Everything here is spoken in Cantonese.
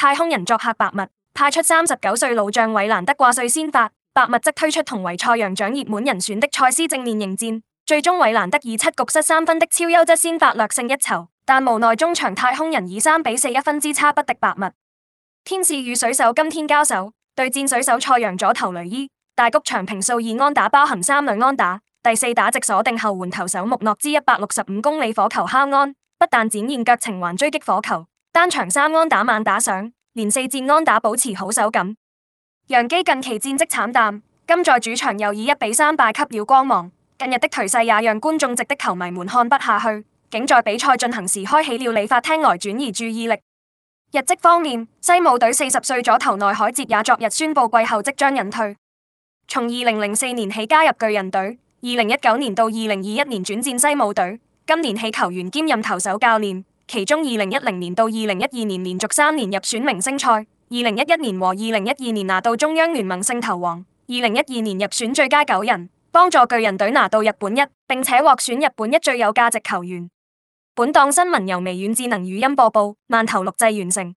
太空人作客白襪，派出三十九歲老將韋蘭德掛帥先發，白襪則推出同為賽揚獎熱門人選的賽斯正面迎戰。最終韋蘭德以七局失三分的超優質先發略勝一籌，但無奈中場太空人以三比四一分之差不敵白襪。天使與水手今天交手，對戰水手賽揚左投雷伊，大谷翔平數二安打包含三壘安打，第四打席鎖定後援投手穆諾茲一百六十五公里火球敲安，不但展現腳程，還追擊火球。單場三安打猛打上，連四戰安打保持好手感。洋基近期戰績慘淡，今在主場又以一比三敗給了光芒。近日的頹勢也讓觀眾席的球迷們看不下去，竟在比賽進行時開起了理髮廳來轉移注意力。日職方面，西武隊四十歲左投內海哲也昨日宣布季後即將引退。從二零零四年起加入巨人隊，二零一九年到二零二一年轉戰西武隊，今年起球員兼任投手教練。其中，二零一零年到二零一二年連續三年入選明星賽，二零一一年和二零一二年拿到中央聯盟勝投王，二零一二年入選最佳九人，幫助巨人隊拿到日本一，並且獲選日本一最有價值球員。本檔新聞由微軟智能語音播報，慢投錄製完成。